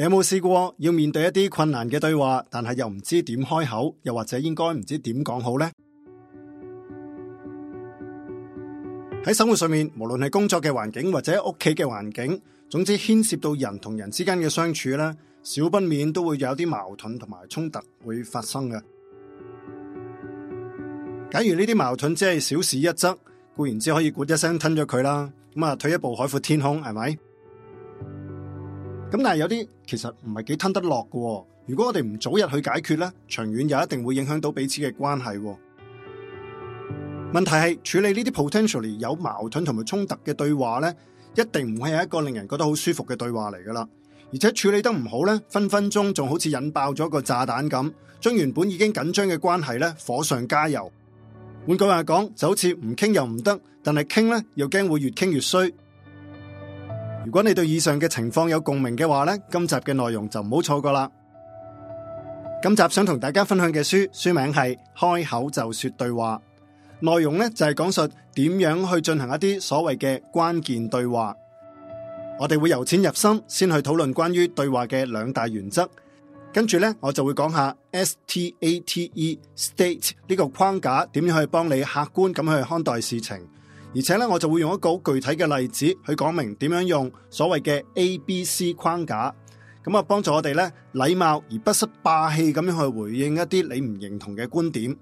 你有冇試過要面對一啲困難嘅對話，但係又唔知點開口，又或者應該唔知點講好呢？喺生活上面，無論係工作嘅環境或者屋企嘅環境，總之牽涉到人同人之間嘅相處咧，少不免都會有啲矛盾同埋衝突會發生嘅。假如呢啲矛盾只係小事一則，固然之可以咕一聲吞咗佢啦。咁啊，退一步海闊天空，係咪？咁但係有啲其實唔係幾吞得落喎。如果我哋唔早日去解決咧，長遠又一定會影響到彼此嘅關係。問題係處理呢啲 potentially 有矛盾同埋衝突嘅對話咧，一定唔會係一個令人覺得好舒服嘅對話嚟噶啦。而且處理得唔好咧，分分鐘仲好似引爆咗一個炸彈咁，將原本已經緊張嘅關係咧火上加油。換句話講，就好似唔傾又唔得，但係傾咧又驚會越傾越衰。如果你對以上嘅情況有共鳴嘅話呢，今集嘅內容就唔好錯過啦。今集想同大家分享嘅書，書名係《開口就說對話》，內容呢就係講述點樣去進行一啲所謂嘅關鍵對話。我哋會由淺入深，先去討論關於對話嘅兩大原則，跟住呢，我就會講下 S T A T E State 呢個框架點樣去幫你客觀咁去看待事情。而且咧，我就會用一個具體嘅例子去講明點樣用所謂嘅 ABC 框架，咁啊幫助我哋咧禮貌而不失霸氣咁樣去回應一啲你唔認同嘅觀點。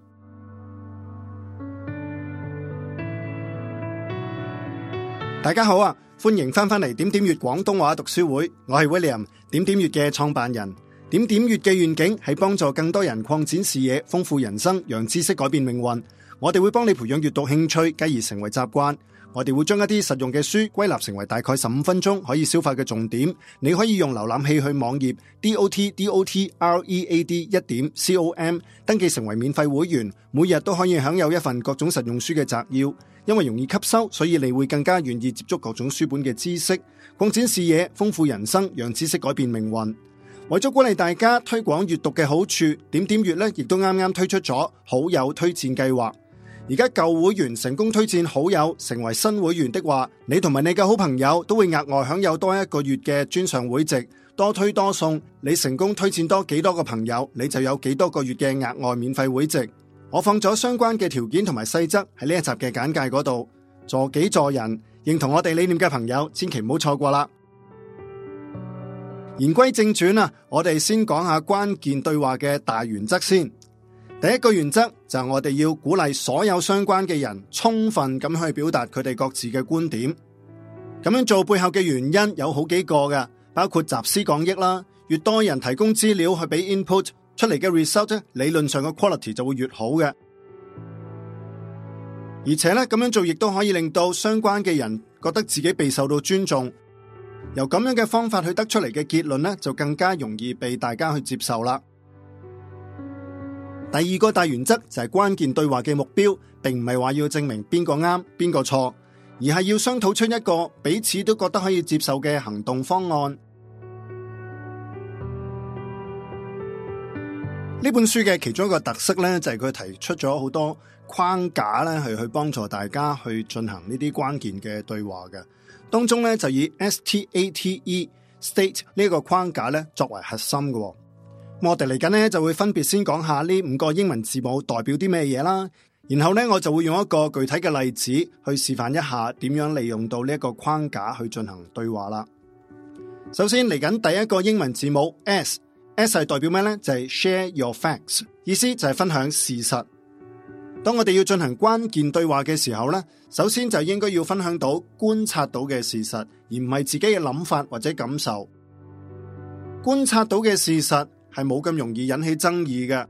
大家好啊，歡迎翻翻嚟點點粵廣東話讀書會，我係 William，點點粵嘅創辦人。點點粵嘅願景係幫助更多人擴展視野、豐富人生，讓知識改變命運。我哋會幫你培養閱讀，讀興趣，繼而成為習慣。我哋會將一啲實用嘅書歸納成為大概十五分鐘可以消化嘅重點。你可以用瀏覽器去網頁 dot dot read 一點 com 登記成為免費會員，每日都可以享有一份各種實用書嘅摘要。因為容易吸收，所以你會更加願意接觸各種書本嘅知識，擴展視野，豐富人生，讓知識改變命運。為咗鼓勵大家推廣閱讀嘅好處，點點閱呢亦都啱啱推出咗好友推薦計劃。而家舊會員成功推薦好友成為新會員的話，你同埋你嘅好朋友都會額外享有多一個月嘅尊尚會籍。多推多送。你成功推薦多幾多個朋友，你就有幾多個月嘅額外免費會籍。我放咗相關嘅條件同埋細則喺呢一集嘅簡介嗰度。助己助人，認同我哋理念嘅朋友，千祈唔好錯過啦。言歸正傳啊，我哋先講下關鍵對話嘅大原則先。第一個原則就係我哋要鼓勵所有相關嘅人充分咁去表達佢哋各自嘅觀點。咁樣做背後嘅原因有好幾個嘅，包括集思廣益啦。越多人提供資料去俾 input 出嚟嘅 result 咧，理論上嘅 quality 就會越好嘅。而且咧，咁樣做亦都可以令到相關嘅人覺得自己被受到尊重。由咁樣嘅方法去得出嚟嘅結論咧，就更加容易被大家去接受啦。第二個大原則就係關鍵對話嘅目標，並唔係話要證明邊個啱邊個錯，而係要商討出一個彼此都覺得可以接受嘅行動方案。呢本書嘅其中一個特色呢，就係佢提出咗好多框架呢，係去幫助大家去進行呢啲關鍵嘅對話嘅。當中呢，就以 S T A T E State 呢個框架呢，作為核心嘅。我哋嚟緊咧就會分別先講下呢五個英文字母代表啲咩嘢啦，然後呢，我就會用一個具體嘅例子去示範一下點樣利用到呢一個框架去進行對話啦。首先嚟緊第一個英文字母 S，S 係代表咩呢？就係 Share your facts，意思就係分享事實。當我哋要進行關鍵對話嘅時候呢，首先就應該要分享到觀察到嘅事實，而唔係自己嘅諗法或者感受。觀察到嘅事實。係冇咁容易引起爭議嘅，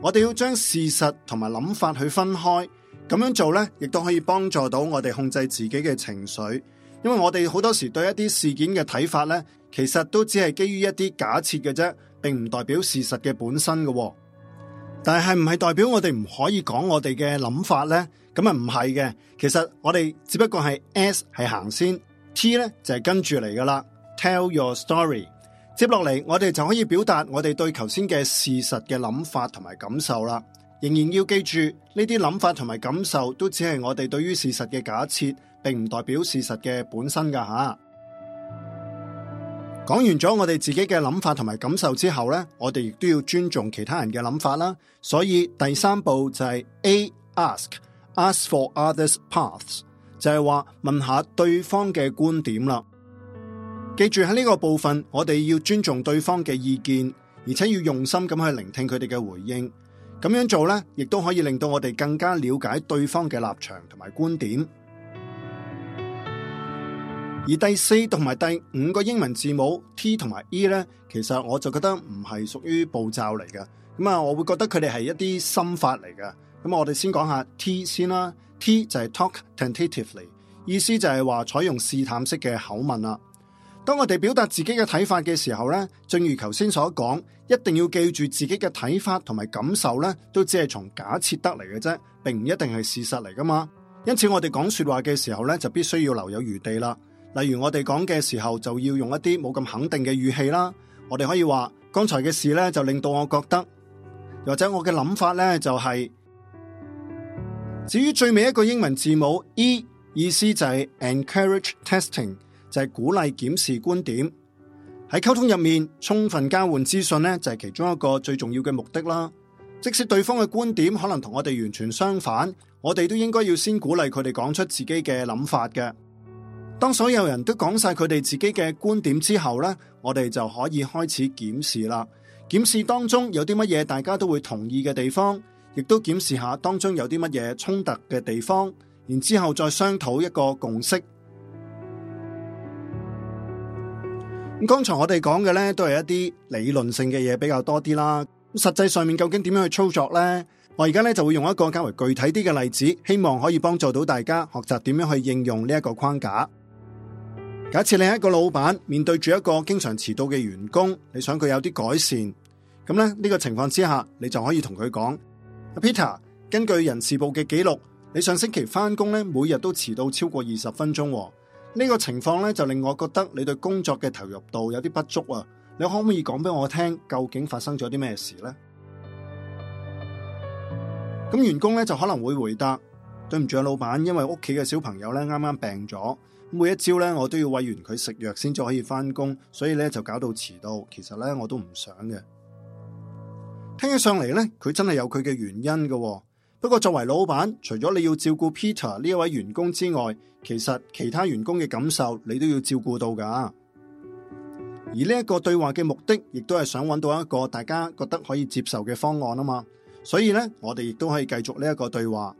我哋要將事實同埋諗法去分開，咁樣做呢亦都可以幫助到我哋控制自己嘅情緒。因為我哋好多時對一啲事件嘅睇法呢，其實都只係基於一啲假設嘅啫，並唔代表事實嘅本身嘅。但係唔係代表我哋唔可以講我哋嘅諗法呢？咁啊唔係嘅，其實我哋只不過係 S 係行先，T 呢就係、是、跟住嚟噶啦，Tell your story。接落嚟，我哋就可以表達我哋對頭先嘅事實嘅諗法同埋感受啦。仍然要記住，呢啲諗法同埋感受都只係我哋對於事實嘅假設，並唔代表事實嘅本身噶吓。講完咗我哋自己嘅諗法同埋感受之後咧，我哋亦都要尊重其他人嘅諗法啦。所以第三步就係 A ask ask for others’ paths，就係話問一下對方嘅觀點啦。記住喺呢個部分，我哋要尊重對方嘅意見，而且要用心咁去聆聽佢哋嘅回應。咁樣做呢，亦都可以令到我哋更加了解對方嘅立場同埋觀點。而第四同埋第五個英文字母 T 同埋 E 呢，其實我就覺得唔係屬於步驟嚟嘅。咁啊，我會覺得佢哋係一啲心法嚟嘅。咁我哋先講下 T 先啦。T 就係 talk tentatively，意思就係話採用試探式嘅口吻啦。當我哋表達自己嘅睇法嘅時候，正如頭先所講，一定要記住自己嘅睇法同埋感受都只係從假設得嚟嘅啫，並唔一定係事實嚟㗎嘛。因此我哋講說話嘅時候就必須要留有餘地啦。例如我哋講嘅時候就要用一啲冇咁肯定嘅語氣啦。我哋可以話剛才嘅事呢，就令到我覺得，或者我嘅諗法呢、就是，就係至於最尾一個英文字母 e 意思就係 encourage testing。就係鼓勵檢視觀點，喺溝通入面充分交換資訊咧，就係其中一個最重要嘅目的啦。即使對方嘅觀點可能同我哋完全相反，我哋都應該要先鼓勵佢哋講出自己嘅諗法嘅。當所有人都講晒佢哋自己嘅觀點之後咧，我哋就可以開始檢視啦。檢視當中有啲乜嘢大家都會同意嘅地方，亦都檢視下當中有啲乜嘢衝突嘅地方，然之後再商討一個共識。剛才我哋講嘅呢，都係一啲理論性嘅嘢比較多啲啦。咁實際上面究竟點樣去操作呢？我而家呢，就會用一個較為具體啲嘅例子，希望可以幫助到大家學習點樣去應用呢一個框架。假設你係一個老闆，面對住一個經常遲到嘅員工，你想佢有啲改善，咁咧呢個情況之下，你就可以同佢講，Peter，根據人事部嘅記錄，你上星期返工呢，每日都遲到超過二十分鐘。呢、個情況咧就令我覺得你對工作嘅投入度有啲不足啊！你可唔可以講俾我聽究竟發生咗啲咩事呢？咁員工咧就可能會回答：對唔住啊，老闆，因為屋企嘅小朋友咧啱啱病咗，每一朝咧我都要餵完佢食藥先至可以返工，所以咧就搞到遲到。其實咧我都唔想嘅。聽起上嚟，咧佢真係有佢嘅原因㗎喎。不過作為老闆，除咗你要照顧 Peter 呢一位員工之外，其實其他員工嘅感受你都要照顧到噶。而呢一個對話嘅目的，亦都係想揾到一個大家覺得可以接受嘅方案啊嘛。所以呢，我哋亦都可以繼續呢一個對話。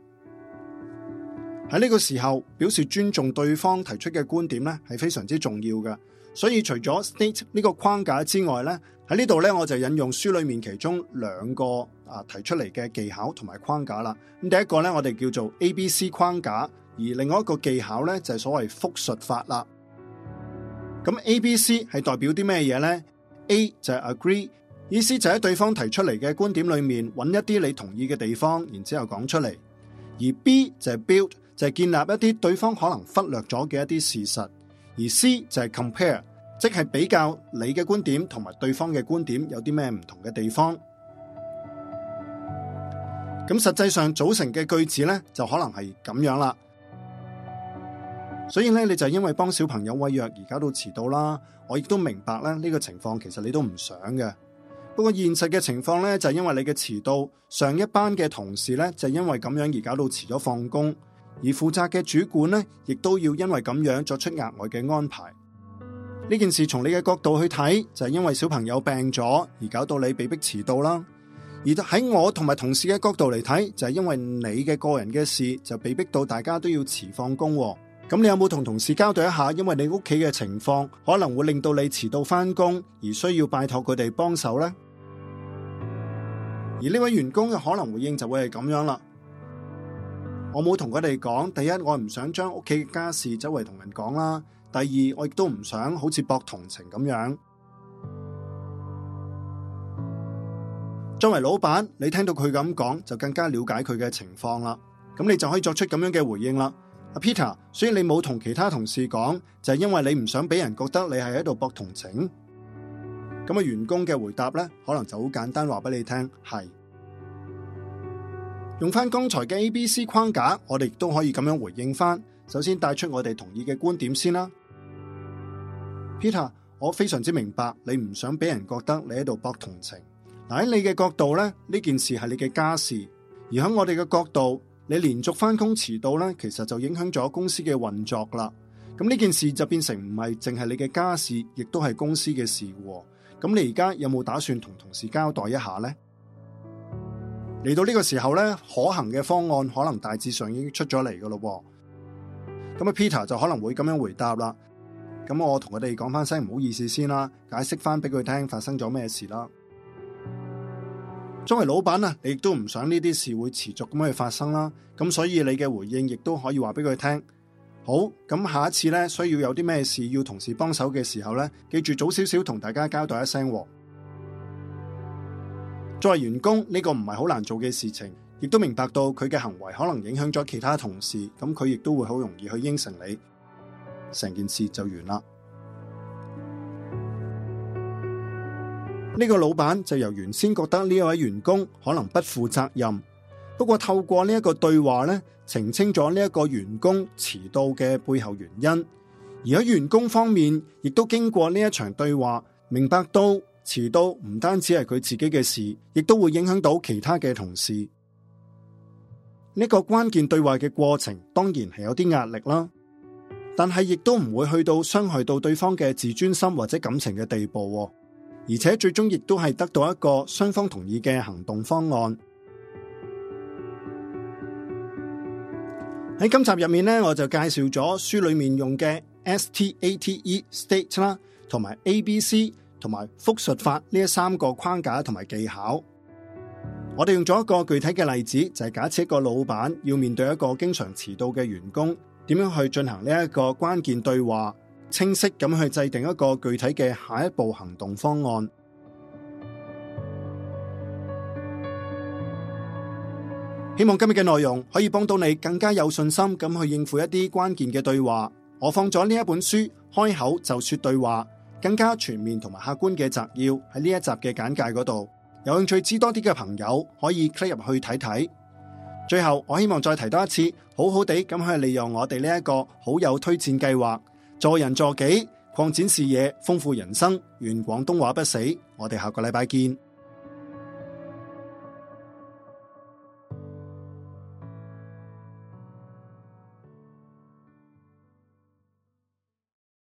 喺呢個時候，表示尊重對方提出嘅觀點呢係非常之重要嘅。所以除咗 STATE 呢個框架之外呢。喺呢度咧，我就引用書裏面其中兩個啊提出嚟嘅技巧同埋框架啦。咁第一個咧，我哋叫做 ABC 框架，而另外一個技巧咧就係、是、所謂複述法啦。咁 ABC 係代表啲咩嘢咧？A 就係 agree，意思就喺對方提出嚟嘅觀點裏面揾一啲你同意嘅地方，然之後講出嚟。而 B 就係 build，就係建立一啲對方可能忽略咗嘅一啲事實。而 C 就係 compare。即係比較你嘅觀點同埋對方嘅觀點有啲咩唔同嘅地方。咁實際上組成嘅句子呢，就可能係咁樣啦。所以呢，你就係因為幫小朋友餵藥而搞到遲到啦。我亦都明白咧呢、呢個情況，其實你都唔想嘅。不過現實嘅情況呢，就係、因為你嘅遲到，上一班嘅同事呢，就係、因為咁樣而搞到遲咗放工，而負責嘅主管呢，亦都要因為咁樣作出額外嘅安排。呢件事從你嘅角度去睇，就係因為小朋友病咗而搞到你被逼遲到啦。而喺我同埋同事嘅角度嚟睇，就係因為你嘅個人嘅事就被逼到大家都要遲放工。咁你有冇同同事交代一下，因為你屋企嘅情況可能會令到你遲到翻工，而需要拜託佢哋幫手呢？而呢位員工嘅可能回應就會係咁樣啦。我冇同佢哋講，第一我唔想將屋企嘅家事周圍同人講啦。第二，我亦都唔想好似博同情咁樣。作為老闆，你聽到佢咁講，就更加了解佢嘅情況啦。咁你就可以作出咁樣嘅回應啦。阿 Peter，所以你冇同其他同事講，就係因為你唔想俾人覺得你係喺度博同情。咁啊，員工嘅回答咧，可能就好簡單，話俾你聽係。用翻剛才嘅 ABC 框架，我哋亦都可以咁樣回應翻。首先，帶出我哋同意嘅觀點先啦。Peter，我非常之明白你唔想俾人覺得你喺度博同情。嗱喺你嘅角度咧，呢件事係你嘅家事；而喺我哋嘅角度，你連續翻工遲到咧，其實就影響咗公司嘅運作啦。咁呢件事就變成唔係淨係你嘅家事，亦都係公司嘅事。咁你而家有冇打算同同事交代一下呢？嚟到呢個時候呢，可行嘅方案可能大致上已經出咗嚟噶咯。咁阿 Peter 就可能會咁樣回答啦。咁我同佢哋講翻聲唔好意思先啦，解釋翻俾佢聽發生咗咩事啦。作為老闆啊，你亦都唔想呢啲事會持續咁去發生啦。咁所以你嘅回應亦都可以話俾佢聽。好，咁下一次呢，需要有啲咩事要同事幫手嘅時候呢，記住早少少同大家交代一聲。作為員工，呢個唔係好難做嘅事情，亦都明白到佢嘅行為可能影響咗其他同事，咁佢亦都會好容易去應承你。成件事就完啦。呢個老闆就由原先覺得呢一位員工可能不負責任，不過透過呢一個對話呢，澄清咗呢一個員工遲到嘅背後原因。而喺員工方面，亦都經過呢一場對話，明白到遲到唔單止係佢自己嘅事，亦都會影響到其他嘅同事。呢個關鍵對話嘅過程，當然係有啲壓力啦。但係亦都唔會去到傷害到對方嘅自尊心或者感情嘅地步，而且最終亦都係得到一個雙方同意嘅行動方案。喺今集入面咧，我就介紹咗書裏面用嘅 S T A T E state 啦，同埋 A B C 同埋復述法呢三個框架同埋技巧。我哋用咗一個具體嘅例子，就係假設一個老闆要面對一個經常遲到嘅員工。點樣去進行呢一個關鍵對話？清晰咁去制定一個具體嘅下一步行動方案。希望今日嘅內容可以幫到你，更加有信心咁去應付一啲關鍵嘅對話。我放咗呢一本書《開口就說對話》，更加全面同埋客觀嘅摘要喺呢一集嘅簡介嗰度。有興趣知多啲嘅朋友可以 click 入去睇睇。最後，我希望再提多一次，好好地咁去利用我哋呢一個好友推薦計劃，助人助己，擴展視野，豐富人生。願廣東話不死。我哋下個禮拜見。